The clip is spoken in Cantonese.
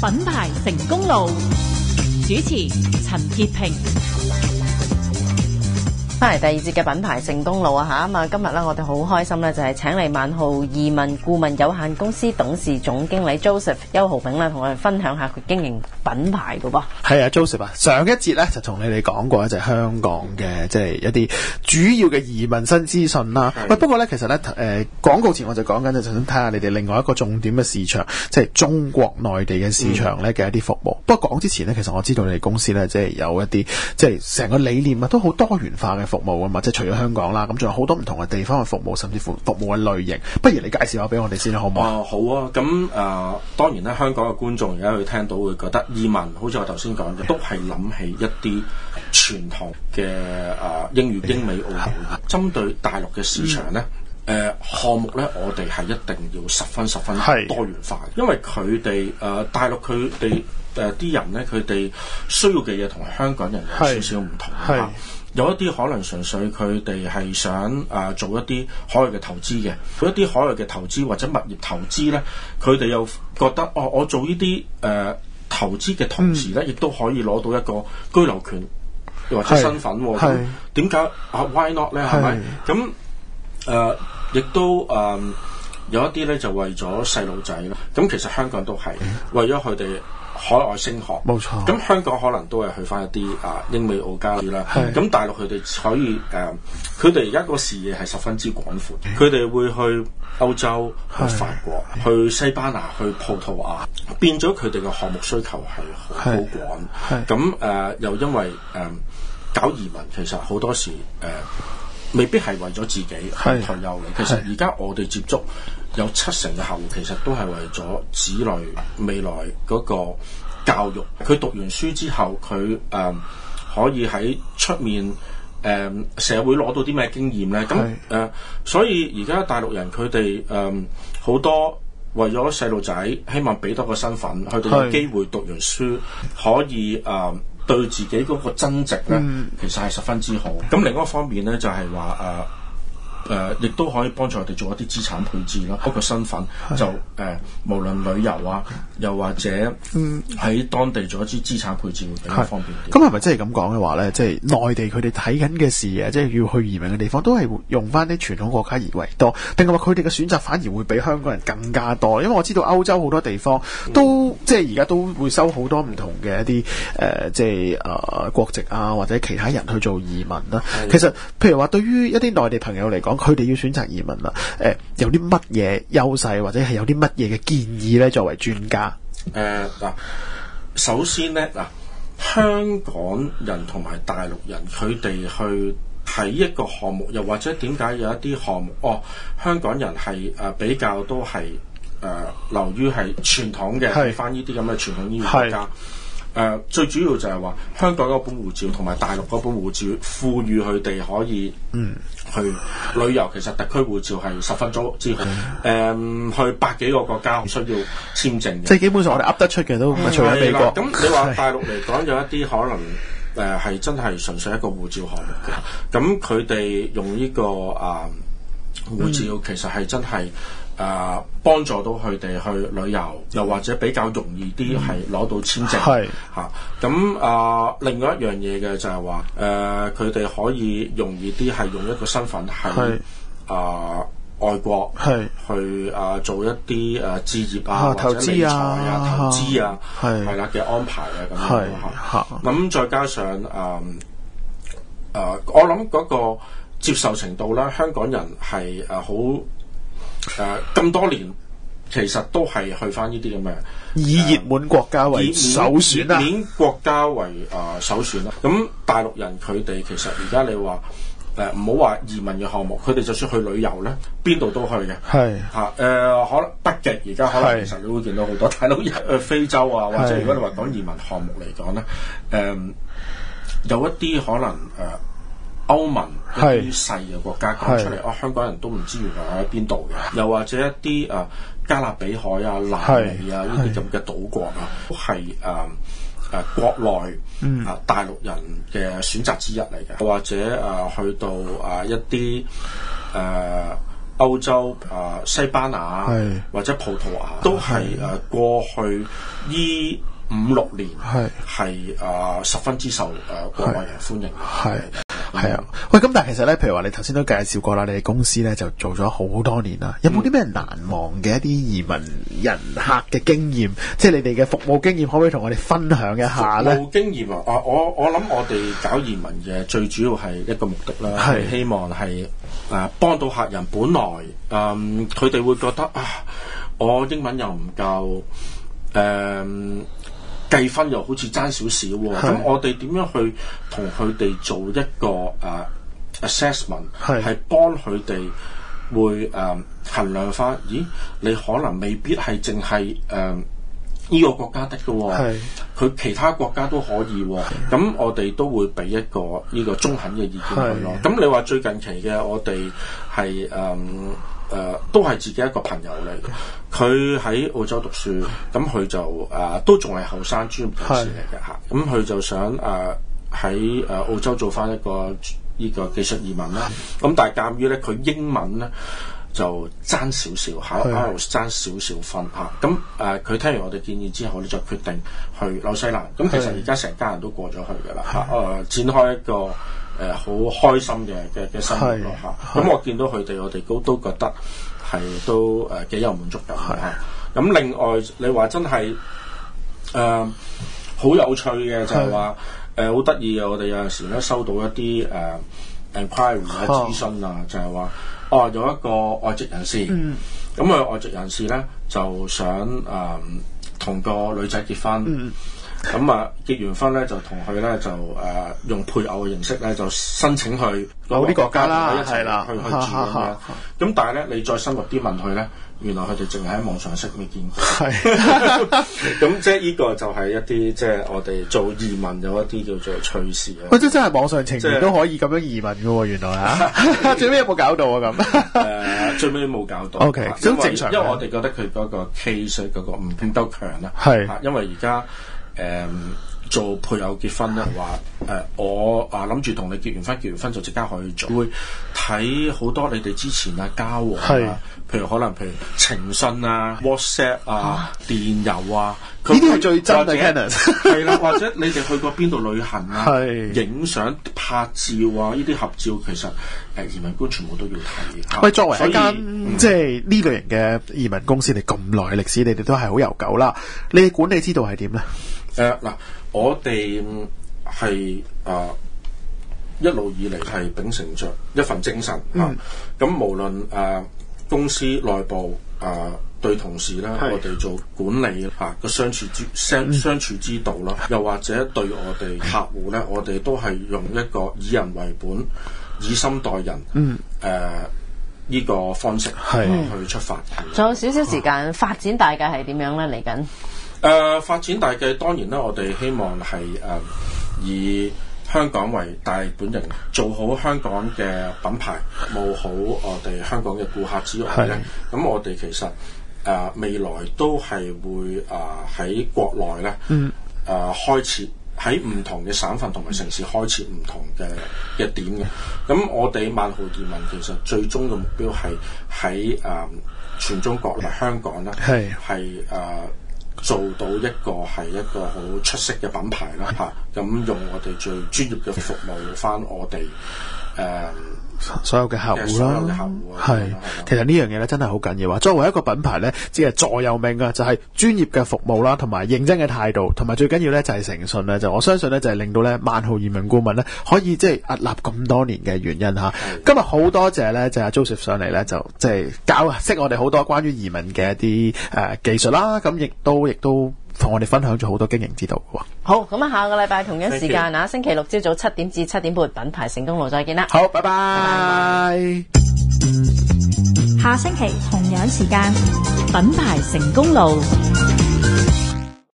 品牌成功路，主持陳潔平。翻嚟第二節嘅品牌成功路啊，吓，啊今日咧我哋好開心咧，就係請嚟萬豪移民顧問有限公司董事總經理 Joseph 邱豪炳啦，同我哋分享下佢經營品牌嘅噃。係啊，Joseph 啊，上一節咧就同你哋講過一啲香港嘅即係一啲主要嘅移民新資訊啦。喂，係啊。不過咧其實咧，誒，廣告前我就講緊就想睇下你哋另外一個重點嘅市場，即係中國內地嘅市場咧嘅一啲服務。嗯、不過講之前呢，其實我知道你哋公司咧即係有一啲即係成個理念啊都好多元化嘅。服務啊嘛，即係除咗香港啦，咁仲有好多唔同嘅地方嘅服務，甚至乎服務嘅類型，不如你介紹下俾我哋先啦，好唔好啊、呃？好啊，咁誒、呃、當然咧，香港嘅觀眾而家佢聽到會覺得移民好似我頭先講嘅，都係諗起一啲傳統嘅誒英語英美澳洲，哎、呀針對大陸嘅市場咧，誒、嗯呃、項目咧，我哋係一定要十分十分多元化，是因為佢哋誒大陸佢哋誒啲人咧，佢哋需要嘅嘢同香港人有少少唔同啊。是有一啲可能純粹佢哋係想誒、呃、做一啲海外嘅投資嘅，佢一啲海外嘅投資或者物業投資咧，佢哋又覺得哦，我做呢啲誒投資嘅同時咧，亦都、嗯、可以攞到一個居留權或者身份喎、哦，點解啊 why not 咧？係咪咁誒？亦、呃、都誒。呃 有一啲咧就為咗細路仔啦，咁其實香港都係為咗佢哋海外升學，冇錯。咁香港可能都係去翻一啲啊英美澳加啦，咁是大陸佢哋所以誒，佢哋而家個視野係十分之廣闊，佢哋是會去歐洲、是去法國、是去西班牙、去葡萄牙，變咗佢哋嘅項目需求係好廣。咁誒、呃、又因為誒、呃、搞移民其、呃，其實好多時誒未必係為咗自己退休嘅。其實而家我哋接觸，有七成嘅客戶其實都係為咗子女未來嗰個教育，佢讀完書之後，佢誒、呃、可以喺出面誒、呃、社會攞到啲咩經驗咧？咁誒是、呃，所以而家大陸人佢哋誒好多為咗細路仔，希望俾多個身份去到機會讀完書，是可以誒、呃、對自己嗰個增值咧，嗯、其實係十分之好。咁另一方面咧，就係話誒。呃誒，亦、呃、都可以幫助我哋做一啲資產配置啦。嗰個身份就誒的、呃，無論旅遊啊，嗯、又或者喺當地做一啲資產配置會比較方便啲。咁係咪即係咁講嘅話咧？即係內地佢哋睇緊嘅事嘢，即係要去移民嘅地方，都係用翻啲傳統國家而為多，定係話佢哋嘅選擇反而會比香港人更加多？因為我知道歐洲好多地方都即係而家都會收好多唔同嘅一啲誒，即係誒國籍啊，或者其他人去做移民啦、啊。的其實，譬如話對於一啲內地朋友嚟講，佢哋要選擇移民啦，誒、呃、有啲乜嘢優勢，或者係有啲乜嘢嘅建議呢？作為專家，誒嗱、呃，首先呢，嗱、呃，香港人同埋大陸人，佢哋去睇一個項目，又或者點解有一啲項目，哦，香港人係誒比較都係誒、呃、流於係傳統嘅翻呢啲咁嘅傳統醫院。家。誒、呃、最主要就係話香港嗰本護照同埋大陸嗰本護照賦予佢哋可以去旅遊，其實特區護照係十分足之好。誒、嗯嗯、去百幾個國家唔需要簽證嘅，即係基本上我哋噏得出嘅、啊、都唔係除咗美國。咁、嗯、你話大陸嚟講有一啲可能誒係、呃、真係純粹一個護照項目嘅，咁佢哋用呢、這個啊、呃、護照其實係真係。嗯誒，幫助到佢哋去旅遊，又或者比較容易啲係攞到簽證、um, 是，係嚇、uh,。咁啊，另外一樣嘢嘅就係話誒，佢哋可以容易啲係用一個身份喺啊外國係去啊做一啲誒置業啊，投資啊，投資啊，係係啦嘅安排啊咁樣嚇。咁再加上誒誒、啊，我諗嗰個接受程度咧，啊啊、elves, 香港人係誒好。誒，咁、呃、多年其實都係去返呢啲咁嘅，呃、以熱門國家為首選啦、啊，以熱門國家為誒、呃、首選啦、啊。咁大陸人佢哋其實而家你話誒，唔好話移民嘅項目，佢哋就算去旅遊咧，邊度都去嘅。係吓誒，可能北極而家可能其實你會見到好多大陸誒、呃，非洲啊，或者如果是你話講移民項目嚟講咧，誒、呃，有一啲可能誒。呃呃歐盟一啲細嘅國家講出嚟，哦，香港人都唔知原來喺邊度嘅。又或者一啲啊加勒比海啊、南美啊呢啲咁嘅島國啊，都係誒誒國內啊大陸人嘅選擇之一嚟嘅。又或者誒去到啊一啲誒歐洲啊西班牙或者葡萄牙，都係誒過去呢五六年係誒十分之受誒國外人歡迎嘅。係啊，喂！咁但係其實咧，譬如話你頭先都介紹過啦，你哋公司咧就做咗好多年啦，有冇啲咩難忘嘅一啲移民人客嘅經驗？即係你哋嘅服務經驗，可唔可以同我哋分享一下咧？服務經驗啊，啊！我我諗我哋搞移民嘅最主要係一個目的啦，係是希望係誒幫到客人。本來誒佢哋會覺得啊，我英文又唔夠誒。嗯計分又好似爭少少喎，咁的我哋點樣去同佢哋做一個誒、uh, assessment，係的幫佢哋會誒、uh, 衡量翻，咦，你可能未必係淨係誒呢個國家的噶、哦、喎，佢的其他國家都可以喎、哦，咁的我哋都會俾一個呢、這個中肯嘅意見佢咯。咁的你話最近期嘅我哋係誒。Um, 誒、呃、都係自己一個朋友嚟嘅，佢喺澳洲讀書，咁佢就誒、呃、都仲係後生，專業人士嚟嘅嚇。咁佢的、嗯、就想誒喺誒澳洲做翻一個呢個技術移民啦。咁的、嗯、但係鑑於咧佢英文咧就爭少少，考 IELTS 爭少少分嚇。咁誒佢聽完我哋建議之後，我就決定去紐西蘭。咁、嗯、其實而家成家人都過咗去㗎啦。誒的、啊呃、展開一個。誒好、呃、開心嘅嘅嘅生活嚇，咁、啊、我見到佢哋，我哋都都覺得係都誒幾、呃、有滿足感嘅。咁另外你話真係誒好有趣嘅就係話誒好得意嘅，我哋有陣時咧收到一啲誒 enquiry、呃、啊諮詢啊，Oh. 就係話哦有一個外籍人士，咁啊外籍人士咧就想誒同個女仔結婚。嗯嗯。咁啊，結完婚咧，就同佢咧就誒用配偶嘅形式咧，就申請去某啲國家啦，一齊啦，去去住咁樣。咁但係咧，你再深入啲問佢咧，原來佢哋淨係喺網上識未見過。係咁，即係呢個就係一啲即係我哋做移民有一啲叫做趣事啊。即真係網上情緣都可以咁樣移民噶喎，原來嚇。最尾有冇搞到啊？咁誒，最尾冇搞到。O K.，正常，因為我哋覺得佢嗰個 case 嗰個唔算都強啦。係，因為而家。誒，做配偶結婚咧，話誒，我啊諗住同你結完婚，結完婚就即刻可以做。會睇好多你哋之前啊交往啊，譬如可能譬如情信啊、WhatsApp 啊、電郵啊，呢啲係最真嘅。係啦，或者你哋去過邊度旅行啊，影相拍照啊，呢啲合照其實誒，移民官全部都要睇下。喂，作為一間即係呢類型嘅移民公司，你咁耐歷史，你哋都係好悠久啦。你管理之道係點咧？誒，嗱 Ooh、 . 呃，我哋係啊一路以嚟係秉承着一份精神，嗯、啊，咁無論誒、呃、公司內部啊對同事咧，我哋做管理啊個相處之相是相處之道啦，又或者對我哋客戶咧，我哋都係用一個以人為本、以心待人誒呢、嗯 嗯 啊呢個方式去出發。仲有少少時間，發展大概係點樣咧？嚟緊。誒、呃，發展大計當然啦，我哋希望係誒、呃、以香港為大本營，做好香港嘅品牌，務好我哋香港嘅顧客之外咧，咁的我哋其實誒、呃、未來都係會誒喺、呃、國內咧，誒、嗯呃、開設喺唔同嘅省份同埋城市開設唔同嘅嘅點嘅。咁我哋萬豪移民其實最終嘅目標係喺誒全中國嚟、呃、香港啦，係係誒。做到一個係一個好出色嘅品牌啦，嚇，咁用我哋最專業嘅服務，返我哋誒，所有嘅客戶啦，係 Yes,，其實呢樣嘢咧真係好緊要啊！作為一個品牌咧，只係座右銘嘅就係、是、專業嘅服務啦，同埋認真嘅態度，同埋最緊要咧就係誠信咧，就我相信咧就係令到咧萬豪移民顧問咧可以即係屹立咁多年嘅原因吓。的今日好多謝咧的，就阿 Joseph 上嚟咧就即係教識我哋好多關於移民嘅一啲誒、呃、技術啦，咁亦都亦都。同我哋分享咗好多經營之道喎。好，咁啊，下個禮拜同樣時間啊，謝謝星期六朝早七點至七點半，品牌成功路，再見啦。好，拜拜。下星期同樣時間，品牌成功路。